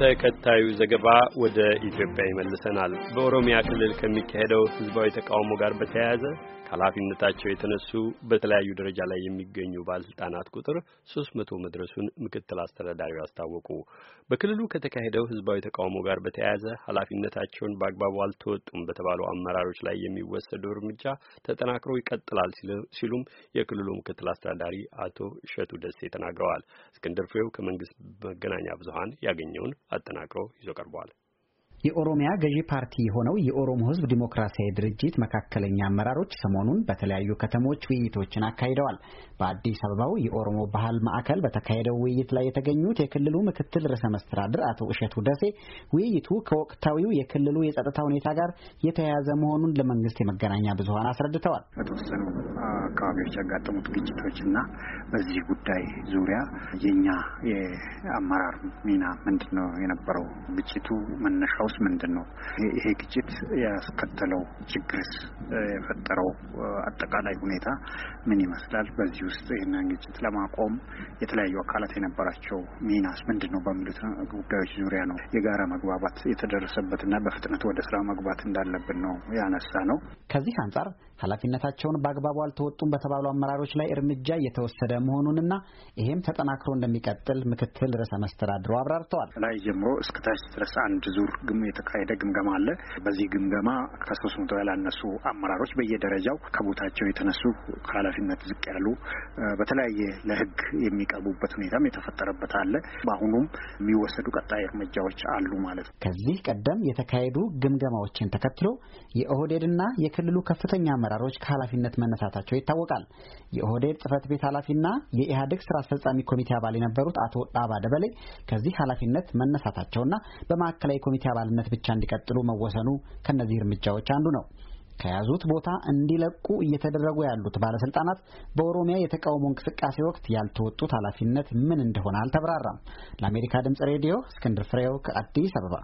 ተከታዩ ዘገባ ወደ ኢትዮጵያ ይመልሰናል። በኦሮሚያ ክልል ከሚካሄደው ህዝባዊ ተቃውሞ ጋር በተያያዘ ከኃላፊነታቸው የተነሱ በተለያዩ ደረጃ ላይ የሚገኙ ባለስልጣናት ቁጥር 300 መቶ መድረሱን ምክትል አስተዳዳሪው አስታወቁ። በክልሉ ከተካሄደው ህዝባዊ ተቃውሞ ጋር በተያያዘ ኃላፊነታቸውን በአግባቡ አልተወጡም በተባሉ አመራሮች ላይ የሚወሰዱ እርምጃ ተጠናክሮ ይቀጥላል ሲሉም የክልሉ ምክትል አስተዳዳሪ አቶ እሸቱ ደሴ ተናግረዋል። እስክንድር ፍሬው ከመንግስት መገናኛ ብዙሀን ያገኘውን አጠናቅሮ ይዞ ቀርቧል። የኦሮሚያ ገዢ ፓርቲ የሆነው የኦሮሞ ሕዝብ ዲሞክራሲያዊ ድርጅት መካከለኛ አመራሮች ሰሞኑን በተለያዩ ከተሞች ውይይቶችን አካሂደዋል። በአዲስ አበባው የኦሮሞ ባህል ማዕከል በተካሄደው ውይይት ላይ የተገኙት የክልሉ ምክትል ርዕሰ መስተዳድር አቶ እሸቱ ደሴ ውይይቱ ከወቅታዊው የክልሉ የጸጥታ ሁኔታ ጋር የተያያዘ መሆኑን ለመንግስት የመገናኛ ብዙኃን አስረድተዋል። በተወሰኑ አካባቢዎች ያጋጠሙት ግጭቶች እና በዚህ ጉዳይ ዙሪያ የኛ የአመራር ሚና ምንድን ነው የነበረው? ግጭቱ መነሻው ጫናውስ ምንድን ነው? ይሄ ግጭት ያስከተለው ችግርስ የፈጠረው አጠቃላይ ሁኔታ ምን ይመስላል? በዚህ ውስጥ ይህንን ግጭት ለማቆም የተለያዩ አካላት የነበራቸው ሚናስ ምንድን ነው? በሚሉት ጉዳዮች ዙሪያ ነው የጋራ መግባባት የተደረሰበትና በፍጥነት ወደ ስራ መግባት እንዳለብን ነው ያነሳ ነው። ከዚህ አንጻር ኃላፊነታቸውን በአግባቡ አልተወጡም በተባሉ አመራሮች ላይ እርምጃ እየተወሰደ መሆኑንና ይሄም ተጠናክሮ እንደሚቀጥል ምክትል ርዕሰ መስተዳድሩ አብራርተዋል። ላይ ጀምሮ እስከታች ድረስ አንድ ዙር የተካሄደ ግምገማ አለ። በዚህ ግምገማ ከሶስት መቶ ያላነሱ አመራሮች በየደረጃው ከቦታቸው የተነሱ ከኃላፊነት ዝቅ ያሉ በተለያየ ለህግ የሚቀርቡበት ሁኔታም የተፈጠረበት አለ። በአሁኑም የሚወሰዱ ቀጣይ እርምጃዎች አሉ ማለት ነው። ከዚህ ቀደም የተካሄዱ ግምገማዎችን ተከትሎ የኦህዴድና የክልሉ ከፍተኛ አመራሮች ከኃላፊነት መነሳታቸው ይታወቃል። የኦህዴድ ጽህፈት ቤት ኃላፊና የኢህአዴግ ስራ አስፈጻሚ ኮሚቴ አባል የነበሩት አቶ ጣባ ደበሌ ከዚህ ኃላፊነት መነሳታቸውና በማዕከላዊ ኮሚቴ አባል በአግባብነት ብቻ እንዲቀጥሉ መወሰኑ ከእነዚህ እርምጃዎች አንዱ ነው። ከያዙት ቦታ እንዲለቁ እየተደረጉ ያሉት ባለስልጣናት በኦሮሚያ የተቃውሞ እንቅስቃሴ ወቅት ያልተወጡት ኃላፊነት ምን እንደሆነ አልተብራራም። ለአሜሪካ ድምጽ ሬዲዮ እስክንድር ፍሬው ከአዲስ አበባ